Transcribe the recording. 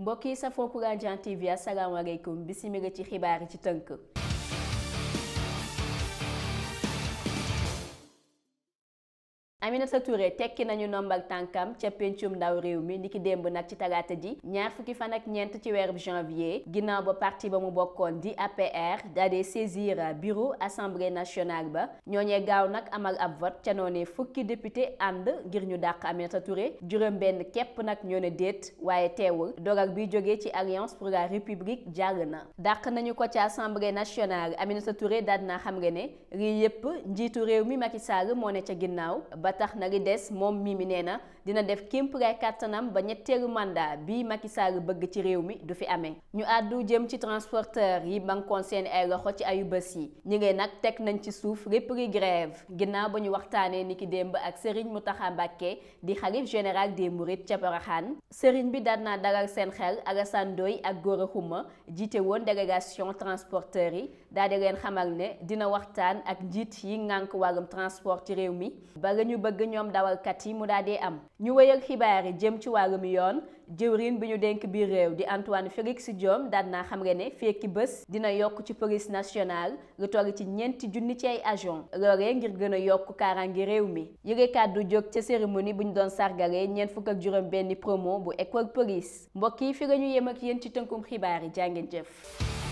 mbokk yi safoo Kourantian TV asalaamaaleykum bisimila ci xibaar yi ci tënk Aminata Touré tekki nañu nombal tànkam ca pencum ndaw réew mi niki démb nag ci talaata ji ñaar fukki fan ak ñeent ci weerub janvier ginnaaw ba parti ba mu bokkoon di APR daadee saisir bureau assemblée nationale ba ñooñee gaaw nag amal ab vote ca noonee fukki député ànd ngir ñu dàq Aminata Touré juróom benn képp nag ñoo ne déet waaye teewul dogal biy jógee ci alliance pour la république jàll na dàq nañu ko ca assemblée nationale Aminata Touré daal na xam nga ne lii yépp réew mi Macky Sall moo ne ca ginnaaw tax na li des moom mii mi nee na dina def kémpulaay kàttanam ba ñetteelu mandat bi Macky Sall bëgg ci réew mi du fi amee ñu àddu jëm ci transporteur yi bankoon seen ay loxo ci ayu bés yi ñi ngi nag teg nañ ci suuf lépp luy grève ginnaaw ba ñu waxtaanee ki démb ak Serigne Mountakha Mbacké di xalif général des Mourides ca Porokhane Serigne bi daan naa dalal seen xel Alassane Ndoye ak Gora Khouma jiite woon délégation transporteur yi daal di leen xamal ne dina waxtaan ak njiit yi ngànk wàllum transport ci réew mi bëgg ñoom dawalkat yi mu daal di am ñu wéy xibaar yi jëm ci wàllum yoon jëwriñ bi ñu denk biir réew di Antoine Félix Diome daal naa xam nga ne fekki bés dina yokk ci police nationale lu toog ci ñeenti junni ci ay agent loolee ngir gën a yokk kaaraangi réew mi yëge kàddu jóg ca cérémonie bu ñu doon sargalee ñeent fukk ak juróom benni promo bu école police mbokk yi fi la ñu yem ak yéen ci tënkum xibaar yi jàngeen jëf